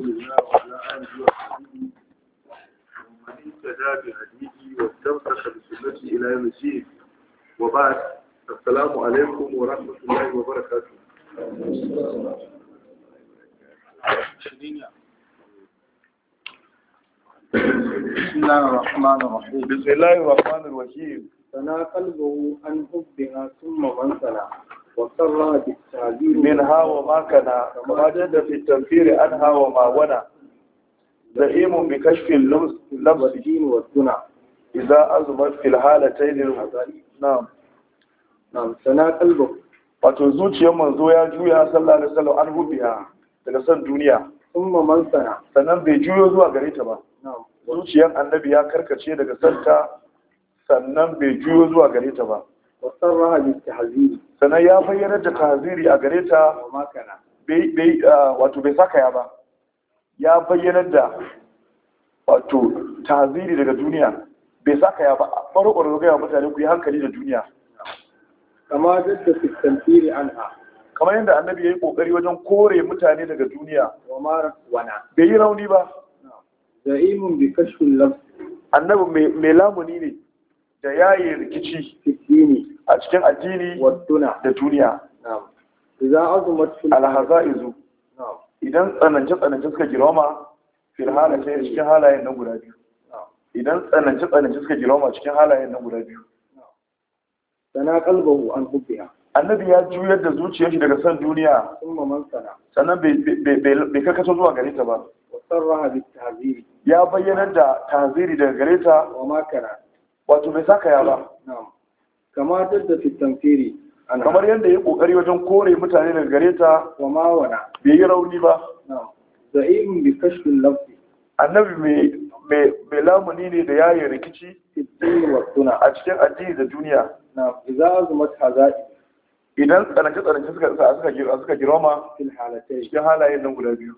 رسول الله وعلى آله وصحبه ومن اهتدى بهديه واستمسك بسنته إلى يوم الدين وبعد السلام عليكم ورحمة الله وبركاته بسم الله الرحمن الرحيم بسم الله الرحمن الرحيم سنا قلبه عن حبها ثم من سنا وصرى بالتعبير منها وما كان كما جد في التنفير عنها وما ونا زعيم بكشف اللمس Iza والدنع إذا أزمت في الحالتين نعم نعم سنا قلبه wato zuciyar manzo ya juya sallallahu da wasallam an hubiya daga san duniya umma man sana sannan bai juyo zuwa gare ta ba zuciyar annabi ya karkace daga santa sannan bai juyo zuwa gare ta ba Wasan wasarraha bi haziri. sannan ya bayyana da haziri a gare ta bai wato bai saka ya ba ya bayyana da wato tahziri daga duniya bai saka ya ba baro baro ga mutane ku yi hankali da duniya kama da an ha. kamar yadda annabi ya yi ƙoƙari wajen kore mutane daga duniya bai yi rauni ba za'imun bi kashfin lam annabi mai lamuni ne da yayi rikici a cikin addini da duniya idan azumat fil alhazaizu idan tsananci-tsananci suka girma fil halaye cikin halayen na guda biyu idan tsananci-tsananci suka girma cikin halayen na guda biyu sana kalbahu an hubbiha annabi ya juyar da zuciyar shi daga san duniya sannan bai karkato zuwa gare ta ba ya bayyanar da taziri daga gare ta wato bai saka ya ba kamar dadda fi kamar yadda ya kokari wajen kore mutane daga gare ta wa bai yi rauni ba za'im bi kashfin lafi annabi mai mai lamuni ne da yayi rikici a cikin addini da duniya na idza azumat hazai idan tsananci tsananci suka suka suka girma cikin halayen nan guda biyu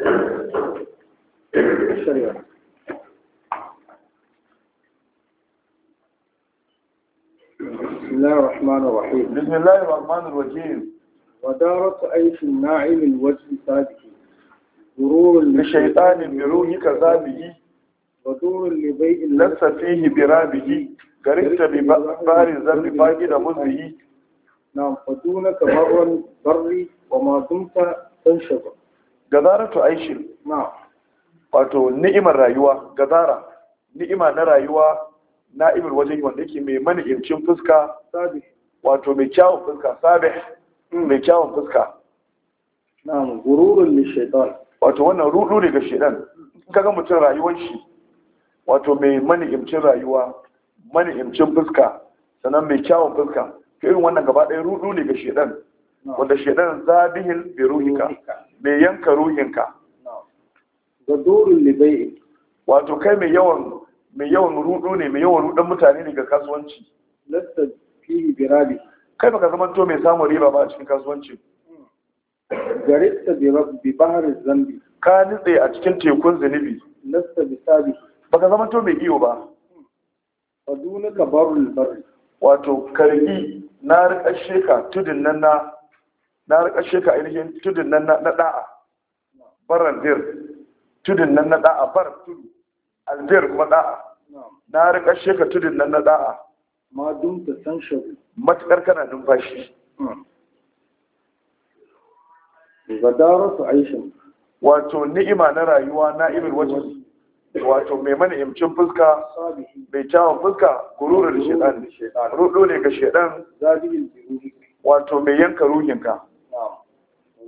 بسم الله الرحمن الرحيم بسم الله الرحمن الرحيم ودارت عيش الناعم الوجه صادق غرور لشيطان بروه كذابه ودور لبيء لس فيه برابه غرقت ببار الذنب فاقد مزه نعم فدونك برا بري وما دمت تنشبه gazaratu aishir wato ni'imar rayuwa gazara ni'ima na rayuwa na'imar waje wanda yake mai mani'incin fuska wato mai kyawun fuska sabih hmm. mai kyawun fuska na'am gururun li shaitan wato wannan rudu ne ga shaitan in ga mutum rayuwar shi wato mai mani'incin rayuwa mani'incin fuska sannan mai kyawun fuska irin wannan gaba ɗaya rudu ne ga shaitan wanda shaitan zabihin bi ruhika mai yanka ruhinka da dorin libai wato kai mai yawan mai yawan rudu ne mai yawan rudan mutane ne ga kasuwanci lasta fi birabi kai baka zama to mai samun riba ba a cikin kasuwanci garista bi bahar zambi ka nitse a cikin tekun zunubi lasta bi sabi baka zama to mai iyo ba fadunaka barul barri wato karbi na rikashe sheka tudun nan na na rikashe ka ainihin tudun nan na da'a baran dir tudun nan na da'a bar tudu albir kuma da'a na rikashe ka tudun nan na da'a ma dun ta san shabu matakar kana numfashi gadaratu aishin wato ni'ima na rayuwa na irin wajen wato mai mana imcin fuska mai kyawun fuska gururar shedan rudo ne ga shedan wato mai yanka ruhinka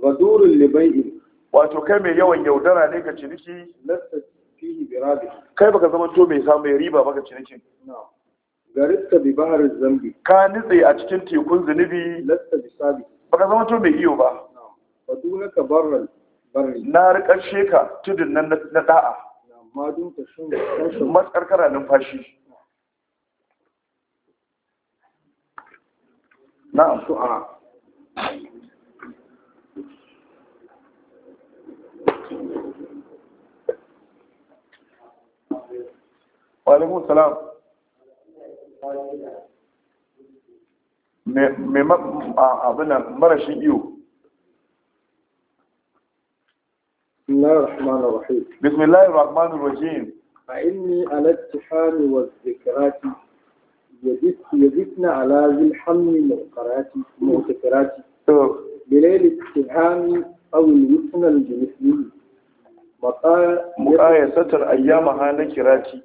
gadurun libai'in wato kai mai yawan yaudara ne ga ciniki lasta fihi birabi kai baka zama to mai samu riba baka cinikin. garista bi bahar zambi ka nitse a cikin tekun zunubi lasta bi sabi baka zama to mai iyo ba fadunaka barral barri na rika sheka tudun nan na da'a ma dun ta shun matsarkara numfashi na'am su'a walaikun salam abinan marashin بسم الله الرحمن الرحيم فإني على التحام والذكرات يزدن على ذي الحم مؤقراتي مؤقراتي بليل التحام أو الوثن الجنسي مقايا ستر أيامها كراتي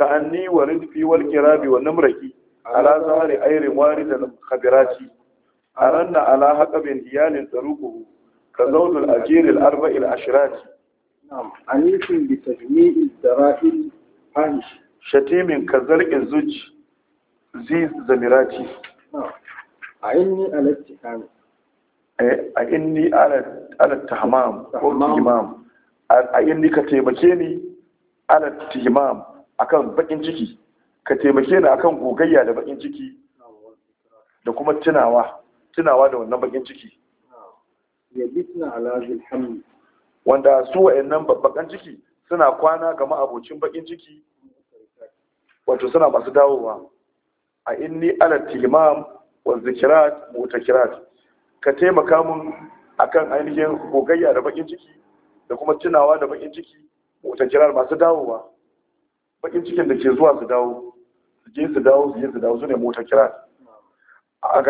ka anni wa ridfi wal wa namraki ala zahari ayrin waridan khabirati aranna ala haqabin hiyalin taruquhu ka zawdul ajir al arba' al ashrati na'am anisin bi tajmi' al dara'il fahish shatimin ka zarqin zuj zi zamirati a inni ala eh, a inni ala tahmam ko a inni ka taimake ni ala tihmam akan bakin ciki ka taimake ni akan gogayya da bakin ciki da kuma tunawa tunawa da wannan bakin ciki yabitna ala zil hamd wanda su wayannan bakan ciki suna kwana ga ma'abocin bakin ciki wato suna masu dawowa a inni ala tilmam wa zikrat mutakirat ka taimaka mun akan ainihin gogayya da bakin ciki da kuma tunawa da bakin ciki mutakirat masu dawowa bakin cikin da ke zuwa su dawo su je su dawo su je su dawo su ne mota kira a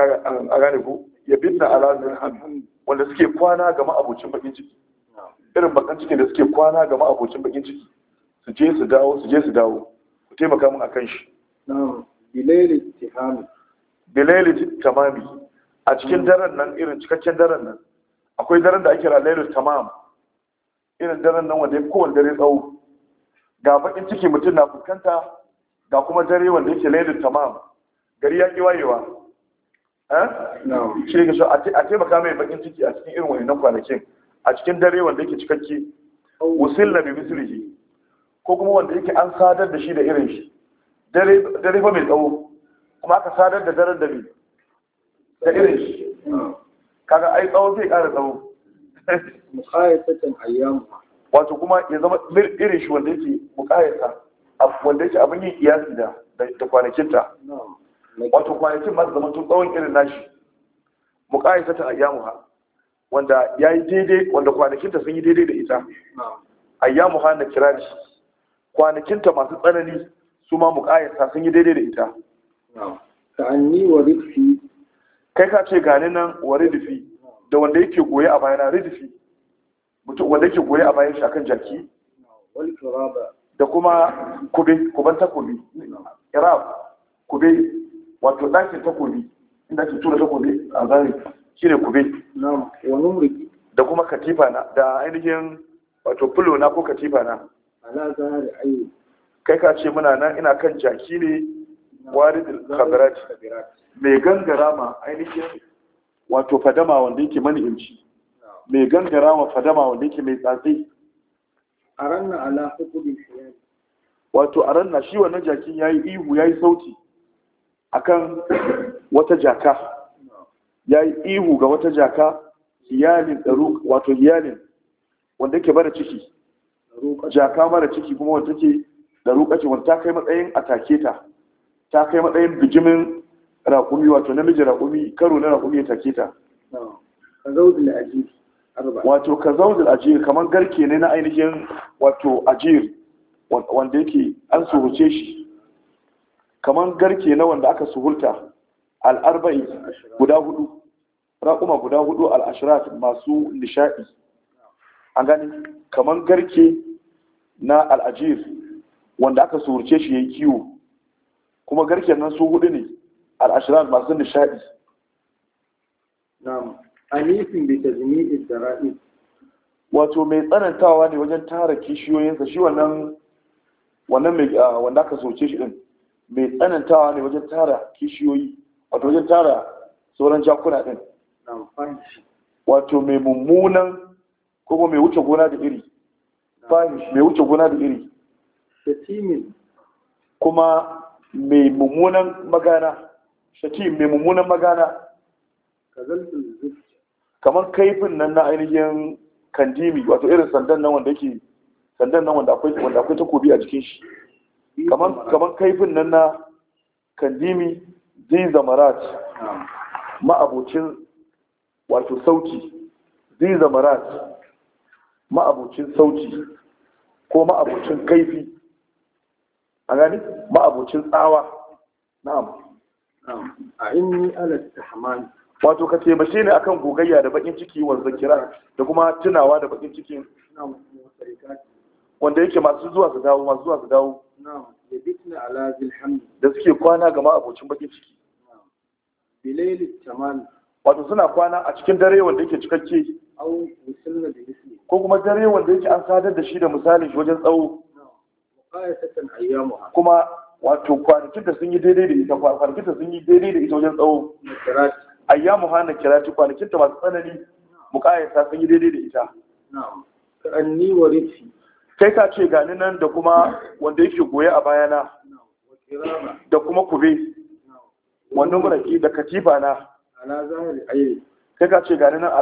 gane ku ya binna alazin hannu wanda suke kwana ga ma'abocin bakin ciki irin bakan cikin da suke kwana ga ma'abocin bakin ciki su je su dawo su je su dawo ku taimaka mun kan shi bilaili tamami a cikin daren nan irin cikakken daren nan akwai daren da ake ra lailul tamam irin daren nan wanda ya kowane dare tsawo ga bakin ciki mutum na fuskanta ga kuma dare wanda yake laidin tamam gari ya ki wayewa eh? shi ne a taimaka mai bakin ciki a cikin irin wannan kwanakin a cikin dare wanda yake cikakke wasil na bimisirihi ko kuma wanda yake an sadar da shi da irin shi dare fa mai tsawo kuma aka sadar da daren da bi da irin shi kaga ai tsawo zai kara tsawo mukhayatatan ayyamu wato kuma ya zama irin shi wanda yake mukayasa wanda yake abin yin kiyasi da da kwanakinta wato kwanakin ma zama tun tsawon irin nashi mukayasa ta ayyamuha wanda yayi daidai wanda kwanakinta sun yi daidai da ita ayyamuha na kirari kwanakinta masu tsanani su ma mukayasa sun yi daidai da ita ta'anni wa rifi kai ka ce gani nan wa rifi da wanda yake goye a bayana rifi mutum wanda ke goye a bayan shi akan jaki da kuma kube kuban takobi irab kube wato ɗakin takobi inda ke tura takobi a zari shi ne kube da kuma katifa na da ainihin wato fulo na ko katifa na kai ka ce muna nan ina kan jaki ne wari da kabirat mai gangara ma ainihin wato fadama wanda yake mani inci mai gangara wa fadama wanda yake mai tsatsi a ranna ala hukumin siyani wato a ranna shi wannan jakin ya yi ihu ya yi sauti A kan wata jaka ya yi ihu ga wata jaka iyalin tsaro wato iyalin wanda yake bada ciki jaka mara ciki kuma wanda ke da rukaci wanda ta kai matsayin atake ta ta kai matsayin bijimin raƙumi wato namiji raƙumi karo na raƙumi ya take ta ka zaudu na ajiyar. wato ka zaunar ajiyar kamar garke ne na ainihin wato ajiyar wanda yake an suhurce shi kamar garke na wanda aka suhurta al'arba'i guda hudu raƙuma guda hudu al'ashirat masu nishaɗi an gani kamar garke na al'ajiyar wanda aka suhurce shi ya yi kiwo kuma garken nan su hudu ne al'ashirat masu nishaɗi anifin bi tajmi'i dara'i wato mai tsanantawa ne wajen tara kishiyoyin sa shi wannan wannan mai ah, wanda aka soce shi din mai tsanantawa ne wajen tara kishiyoyi wato wajen tara sauran jakuna din wato mai mummunan ko kuma mai wuce gona da iri fahish mai wuce gona da iri shatimin kuma mai mummunan magana shatim mai mummunan magana kazalzul kamar kaifin nan na ainihin kandimi wato irin sandan nan wanda yake sandan nan wanda akwai wanda akwai takobi a jikin shi kamar kamar kaifin nan na kandimi zai zamarat ma'abocin wato sauti zai zamarat ma'abocin sauti ko ma'abocin kaifi a gani ma'abocin tsawa na'am a inni alat tahmani wato ka taimake ni akan gogayya da bakin ciki wanzan kira da kuma tunawa da bakin ciki wanda yake masu zuwa su dawo masu zuwa su dawo da suke kwana gama abocin bakin ciki wato suna kwana a cikin dare wanda yake cikakke ko kuma dare wanda yake an sadar da shi da misalin shi wajen tsawo kuma wato kwanakin da sun yi daidai da ita kwanakin da sun yi daidai da ita wajen tsawo ayyamu hana kirati kwanakin ta masu tsanani mu muƙayyata sun yi daidai da ita ka'anni wa kai ka ce gani nan da kuma wanda yake goye a bayana da kuma kube wannan muraki da katifa na kai ka ce gani nan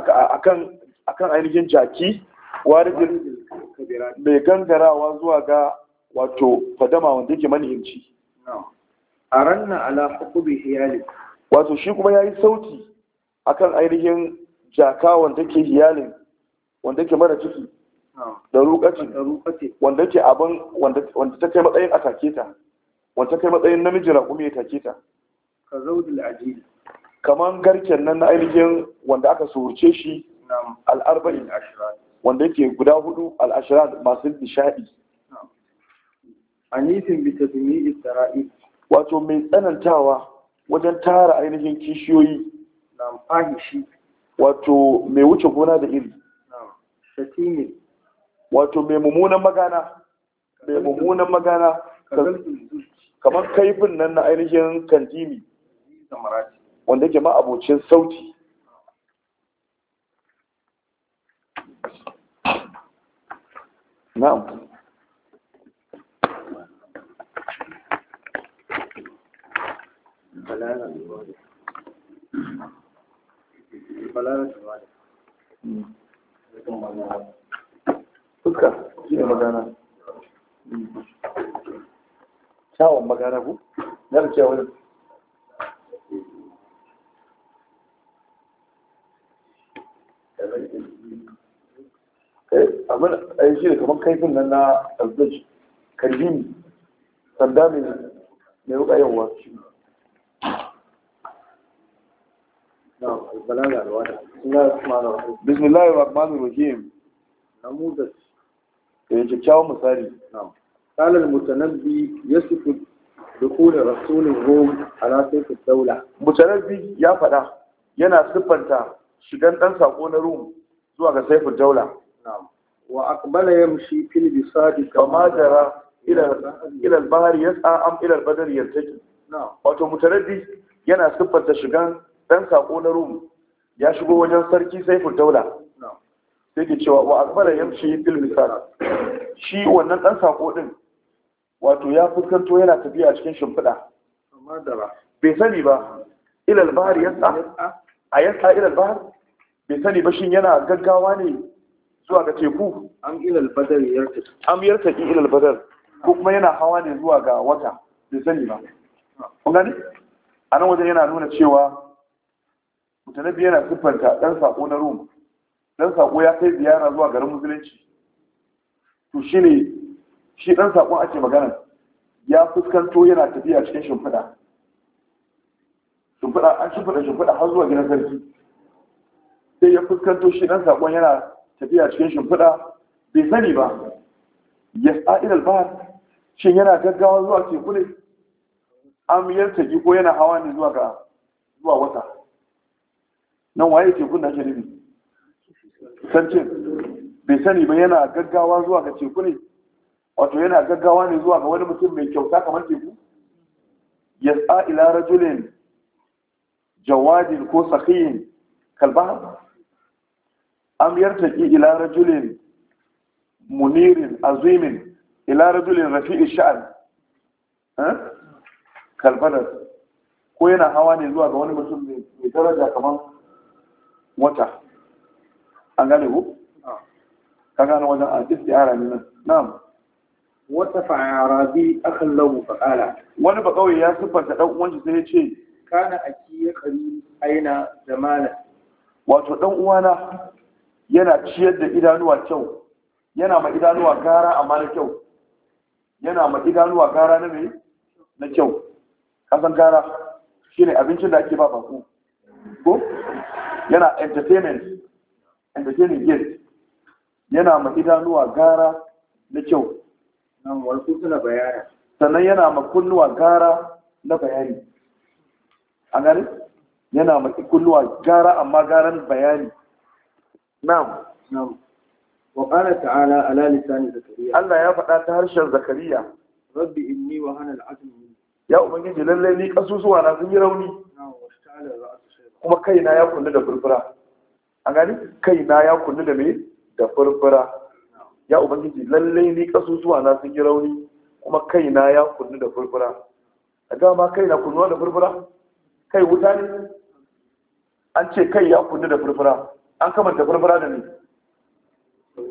akan ainihin jaki warijin mai gangarawa zuwa ga wato fadama wanda yake manihimci a ranar ala hukubi hiyalik wato shi kuma ya yi sauti akan ainihin jaka wanda ke hiyalin wanda ke mara ciki da rukaci wanda ke abin wanda ta kai matsayin a take ta wanda ta kai matsayin namiji kuma ya take ta ka zaudil ajili kaman garken nan na ainihin wanda aka surce shi al'arba'in wanda yake guda hudu al'ashirar masu nishadi anifin bitadumi isra'il wato mai tsanantawa wajen tara ainihin kishiyoyi na shi wato mai wuce gona da iri wato mai mummunan magana mai mummunan magana kamar kaifin nan na ainihin kandimi wanda yake ma abocin sauti na'am بلاغة الوالد بلاغة الوالد fuska da magana kyawun magana ku na da kyawun eh, abin a eh, yi shi da kamar kaifin nan na alzaj karjini sanda mai rukayen wasu shi bismillahir rahmanir rahim namuzat eh kyakkyawan misali na'am qala al-mutanabbi yasifu dukul rasulin rum ala sayf ad-dawla mutanabbi ya faɗa yana siffanta shigan ɗan sako na zuwa ga sayf ad wa aqbala yamshi fil bisadi kama jara ila al-bahr yas'a am ila al-badr wato mutanabbi yana siffanta shigan ɗan sako na rum ya shigo wajen sarki saiful daula sai ke cewa wa akbara yamshi fil misal shi wannan dan sako din wato ya fuskanto yana tafiya cikin shimfiɗa bai sani ba ilal bahar yasa a yasa ilal bahar bai sani ba shin yana gaggawa ne zuwa ga teku am ilal badar yartaki am yartaki ilal badar ko kuma yana hawa ne zuwa ga wata bai sani ba kun gani a nan wajen yana nuna cewa mutanabi yana siffanta ɗan saƙo na rum ɗan saƙo ya kai ziyara zuwa garin musulunci to shi ne shi ɗan saƙo ake magana ya fuskanto yana tafiya cikin shimfiɗa shimfiɗa an shimfiɗa shimfiɗa har zuwa gidan sarki sai ya fuskanto shi ɗan saƙon yana tafiya cikin shimfiɗa bai sani ba ya sa'ir albahar shin yana gaggawa zuwa teku ne am yarta ko yana hawa ne zuwa ga zuwa wata nan waye tekun da ake nufi sarkin bai sani ba yana gaggawa zuwa ga teku ne wato yana gaggawa ne zuwa ga wani mutum mai kyauta kamar teku ya sa ila rajulin jawadin ko sakiyin kalba am yartaki ila rajulin munirin azimin ila rajulin rafi'i sha'an eh, kalbalar ko yana hawa ne zuwa ga wani mutum mai daraja kamar wata an gane ku? Ah. ka gane wajen a ara ne nan na'am wata bi akan lahu fa'ala wani ba kawai ya siffanta dan uwanci sai ya ce kana aki ya kari aina jamala wato dan uwana yana ciyar da idanuwa kyau yana ma idanuwa gara amma na kyau yana ma idanuwa gara na mai na kyau kasan gara shine abincin da ake ba baku ko yana entertainment entertaining guest yana ma idanuwa gara na kyau suna sannan yana ma kunnuwa gara na bayani a gani yana ma kunnuwa gara amma garan bayani na'am na'am wa qala ta'ala ala lisani zakariya Allah ya faɗa ta harshen zakariya rabbi inni wa hana al'azm ya ubangiji lallai ni kasusuwa na sun yi rauni na'am wa ta'ala kuma kaina ya kullu da furfura an gani kaina ya kullu da me da furfura ya ubangiji lalle ni kasusuwa na sun yi rauni kuma kaina ya kullu da furfura a dama kaina kullu da furfura kai wuta ne an ce kai ya kullu da furfura an da furfura da ne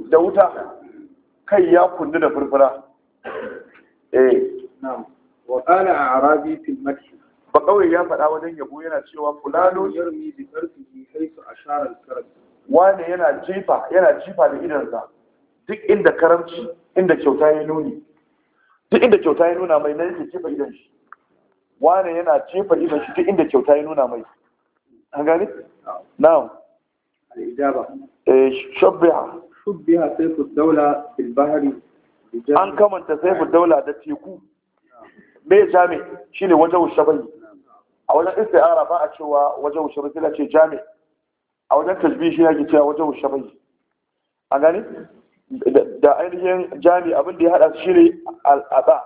da wuta kai ya kullu da furfura eh na'am wa qala a'rabi fil madhi ba kawai ya faɗa wajen yabo yana cewa fulano yarmi bi karfihi haisu ashara al wani yana jifa yana jifa da idansa duk inda karamci inda kyauta ya nuni duk inda kyauta ya nuna mai nan yake jefa idan shi wani yana jefa idan shi duk inda kyauta ya nuna mai an gane na'am al eh shubbiha shubbiha sayfu dawla fil bahri an kamanta sayfu daula da teku me jami shine wajen shabai a wajen ya ba a cewa wajen shabai sai ce jami a wajen tajbi shi yake cewa wajen shabai a gani da ainihin jami abin da ya hada shi ne al'ada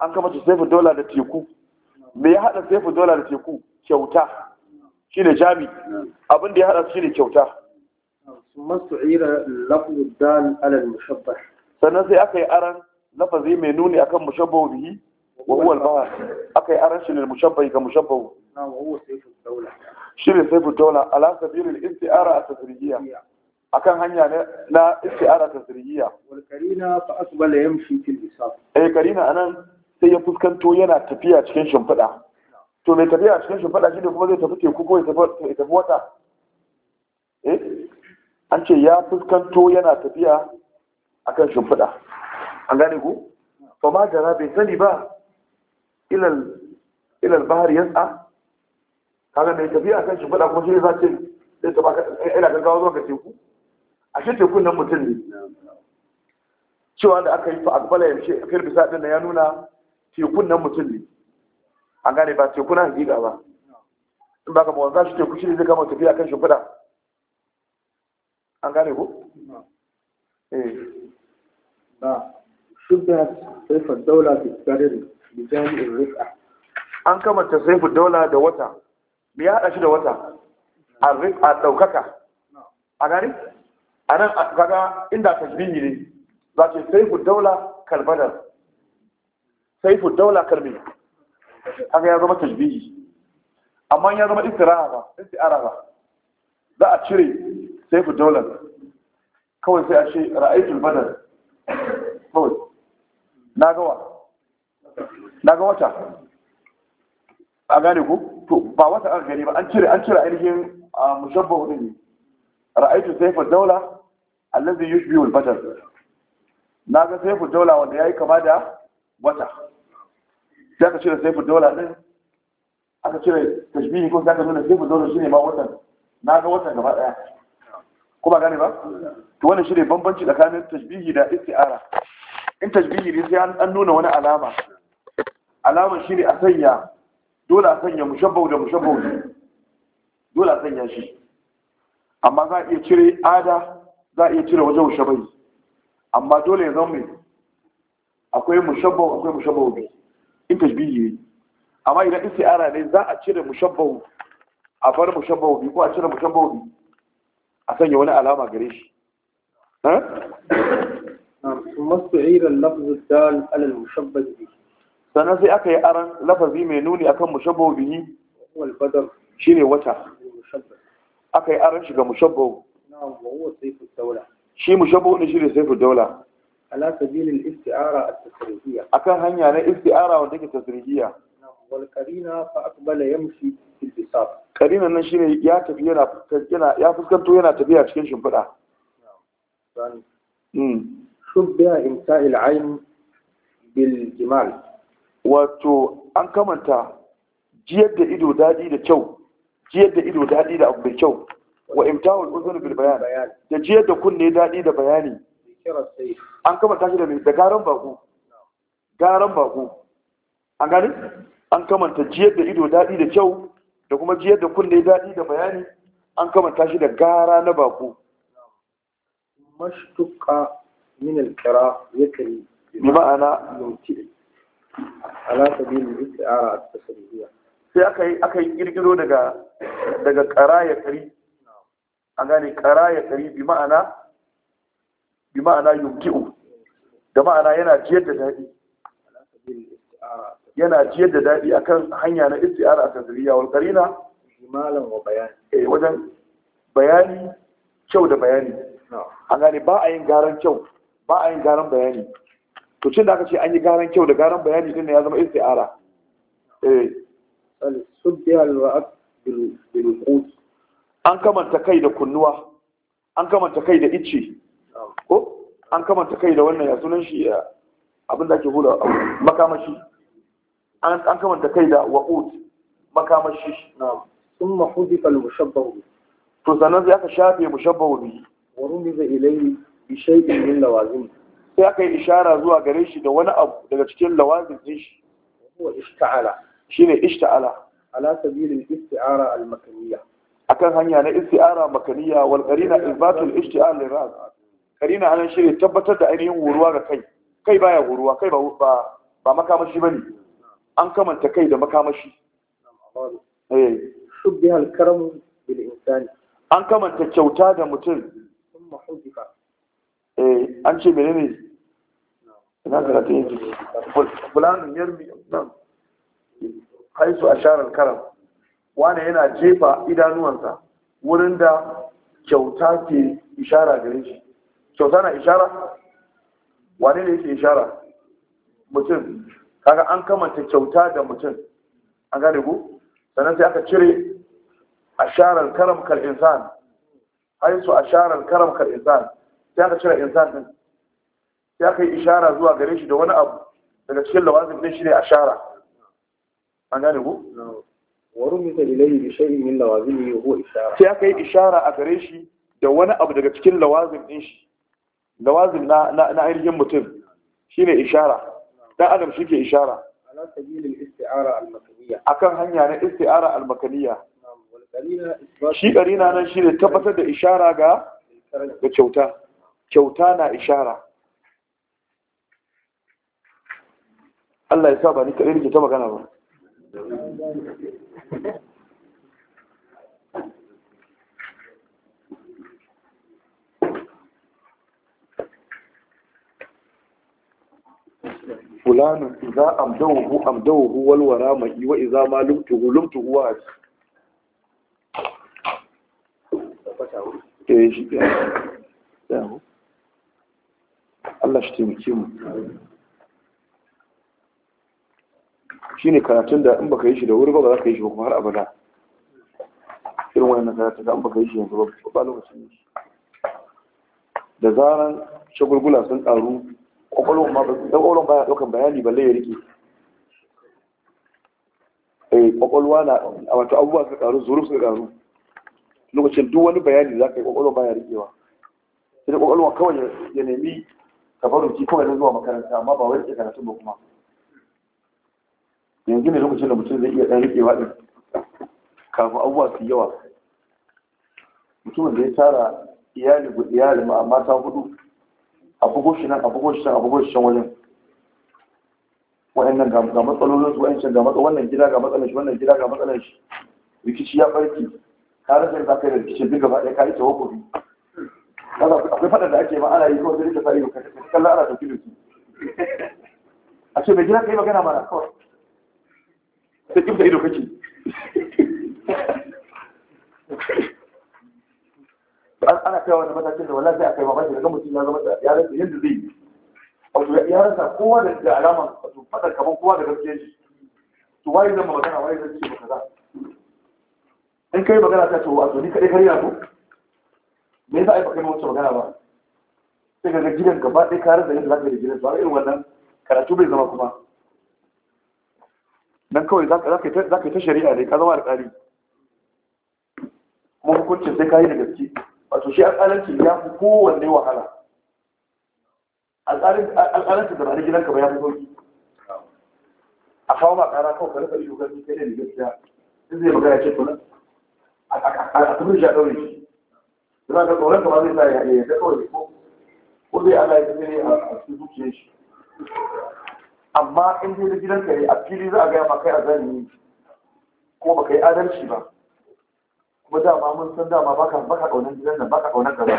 an kama ta saifin dola da teku me ya hada saifin dola da teku kyauta shi ne jami abin da ya hada shi ne kyauta masu lafzu lafudan alal mushabbah sannan sai aka yi aran lafazi mai nuni akan mushabbahu bihi Wauwal mawa ne? Aka yi arancin da na mu shabbai, ga mu shabbau. Na wauwa tebur ne A na in fi ara ta zargiya. Walƙalina ba a su ba ya fuskanto yana tafiya cikin shimfiɗa. To mai tafiya cikin shimfiɗa, shi ne kuma zai tafi teku ko ya tafi wata? Eh? An ce ya fuskanto yana tafiya a kan An gane ku? Fauma jara bai sani ba. ilal bahar yasa kaga mai tafiya kan shi fada kuma shi za ce zai taba eh, ina gaggawa zuwa ga teku a shi tekun nan mutum ne cewa da aka yi fa akbala ya shi kar bisa din ya nuna tekun nan mutum ne an gane ba teku na hakika ba in baka mawanza shi teku shi zai kama tafiya kan shi fada an gane ko eh ba shubhat fa dawla fi qadari bijami'in an kamanta saifu daula da wata me ya haɗa shi da wata a rif'a ɗaukaka a gani a nan kaga inda tasbihi ne za ce saifu daula kalbadar saifu daula kalmi. haka ya zama tasbihi amma ya zama istiraha ba za a cire saifu daular kawai sai a ce ra'aitul badar kawai na gawa na ga wata a gane ku to ba wata aka gani ba an cire an cire ainihin musabba hudu ne ra'aitu saifu daula allazi yushbihu al-batar na ga saifu daula wanda yayi kama da wata sai aka cire saifu daula din aka cire tashbihi ko sai aka nuna saifu daula shine ma watan na ga watan gaba daya ko ba gane ba to wannan shine bambanci tsakanin tashbihi da isti'ara in tashbihi ne sai an nuna wani alama alamar shi ne a sanya dole a sanya mushabbau da mushabbau ne dole a sanya shi amma za a iya cire ada za a iya cire wajen mushabbai amma dole ya zama akwai mushabbau akwai mushabbau ne in tashbihi ne amma idan ara ne za a cire mushabbau a bar mushabbau bi ko a cire mushabbau bi a sanya wani alama gare shi ha مستعير اللفظ الدال على المشبه به sannan sai aka yi aran lafazi mai nuni akan mushabbahu bihi shine wata aka yi aran shi ga mushabbahu shi mushabbahu ne shine sayfu daula ala sabilil isti'ara at-tasrihiyya akan hanya na isti'ara wanda ke tasrihiyya wal qarina fa aqbala yamshi fil bisab qarina nan shine ya tafi yana yana ya fuskanto yana tafiya cikin shimfida. Hmm. shubbiya imsa'il ayn bil jimal wato an kamanta jiyar da ido dadi da kyau jiyar da ido dadi da abu mai kyau wa imtahul uzun bil bayan da jiyar da kunne dadi da bayani an kamanta shi da da garan bako garan bako an gani an kamanta jiyar da ido dadi da kyau da kuma jiyar da kunne dadi da bayani an kamanta shi da gara na bako mashtuka min al-qira yakri bi ma'ana ala sabilil isti'ara at-tasrihiyya sai aka yi aka yi kirkiro daga daga ya kari A gane qaraya kari bi ma'ana bi ma'ana yunki'u da ma'ana yana jiyar da dadi yana jiyar da dadi akan hanya na isti'ara at-tasrihiyya wal qarina imalan wa bayani eh wajen bayani kyau da bayani A gane ba a yin garan kyau ba a yin garan bayani to cin da aka ce an yi garan kyau da garan bayani din ya zama isti'ara eh an kamanta kai da kunnuwa an kamanta kai da ice ko an kamanta kai da wannan ya sunan shi abin da ake hula makamashi an kamanta kai da wa'ud makamashi sun mahudifa mushabbahu to sannan sai aka shafe mushabbahu bi wurin da ilayhi bi shay'in min lawazim sai aka yi ishara zuwa gare shi da wani abu daga cikin lawazin din shi shine ishta'ala ala sabilin isti'ara al makaniyya akan hanya na isti'ara makaniyya wal qarina ibatul ishti'al lil ras qarina shi ne tabbatar da ainihin wuruwa ga kai kai baya wuruwa kai ba ba makamashi bane an kamanta kai da makamashi eh shubbiha al karam bil insani an kamanta kyauta da mutum eh an ce menene na karatu yanzu bulanin yarmi nan haisu a sharar karam wane yana jefa idanuwansa wurin da kyauta ke ishara gare shi kyauta na ishara wane ne yake ishara mutum kaga an kamanta kyauta da mutum an gane ku sannan sai aka cire a sharar karam kal insan haisu a sharar karam kal insan sai aka cire insan din sai aka yi ishara zuwa gare shi da wani abu daga cikin lawazin din shi ne ashara an gane ku ورمز إليه بشيء من لوازمه هو ishara. sai aka yi ishara a gare shi da wani abu daga cikin lawazin din shi lawazin na na ainihin mutum shine ishara dan adam shi ke ishara ala sabil al-isti'ara al-makaniyya akan hanya na isti'ara al-makaniyya shi karina nan shine tabbatar da ishara ga ga kyauta kyauta na ishara Allah ya sa ba ni kaɗai ke ta magana ba fulanun iza amdawahu amdawahu walwara mai wa iza ma lumtuhu lumtuhu wa eh, shi Allah shi taimake mu ne karatun da in baka yi shi da wuri ba ba za ka yi shi ba kuma har abada irin wani na karatun da in baka yi shi yanzu ba ba lokacin shi da zaran shagulgula sun karu kwakwalwar ma ba ya baya daukan bayani balle ya rike eh kwakwalwa na wata abubuwa suka ƙaru, zuru suka ƙaru. lokacin duk wani bayani za ka yi ba ya riƙewa. sai kwakwalwa kawai ya nemi tabaruki kawai na zuwa makaranta amma ba wai rike karatun ba kuma yanzu ne lokacin da mutum zai iya ɗan riƙewa ɗin kafin abubuwa su yawa mutumin da ya tara iyali iyali mata hudu a bugo shi nan a bugo shi nan a bugo shi can wajen wa'annan ga matsalolin su wa'ancan ga matsalolin wannan gida ga matsalar shi wannan gida ga matsalar shi rikici ya barki ka rasa yin zakai da rikicin duk gaba ɗaya ka yi tawakkuli akwai faɗa da ake ma ana yi kawai sai ka sai ka kalla ana tafi da su a ce bai gina yi magana mana kawai sai kimta ido kake ana kai wani matakin da wallahi a kai ba, mamaki daga mutum ya zama da ya rasa yadda zai yi wato ya rasa kowa da alama wato fadar kaman kowa da gaskiyar shi to waye zan magana waye zan ce ba kaza in kai magana ta ce wato ni kadai kariya ko me yasa ai faɗin wacce magana ba sai ga gidan gaba ɗaya karar da yadda za ka yi gidan ba irin wannan karatu bai zama kuma dan kawai za ka yi ta shari'a ne ka zama alƙali kuma hukuncin sai ka yi da gaske wato shi alƙalancin ya fi kowanne wahala alƙalancin da ba gidan ka ba ya fi sauki a kawo ma ƙara kawai ka rika shugabanci kai ne da gaskiya sai zai magana ce tunan a tafi da shi a ɗaure shi za ka tsoron kama zai sa ya yadda kawai ko ko zai ana yi zai a cikin zuciyar shi amma in dai da gidanka ne a fili za a gaya ma kai a zani ko ba yi adalci ba kuma dama mun san dama baka baka kaunan gidan nan ba ka kaunan gaba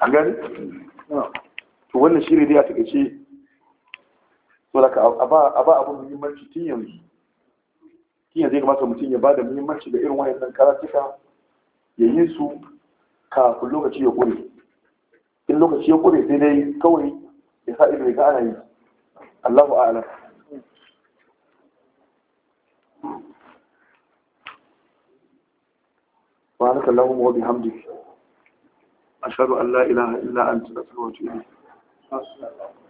an gani to wannan shi ne dai a takaice to da a ba a ba abun muhimmanci tun yanzu tun yanzu ya kamata mutum ya ba da muhimmanci ga irin wayannan karatuka ya yi su kafin lokaci ya ƙure in lokaci ya ƙure sai dai kawai ya sa ido ga ana yi Allahu a'lam سبحانك اللهم وبحمدك أشهد أن لا إله إلا أنت أستغفرك وأتوب إليك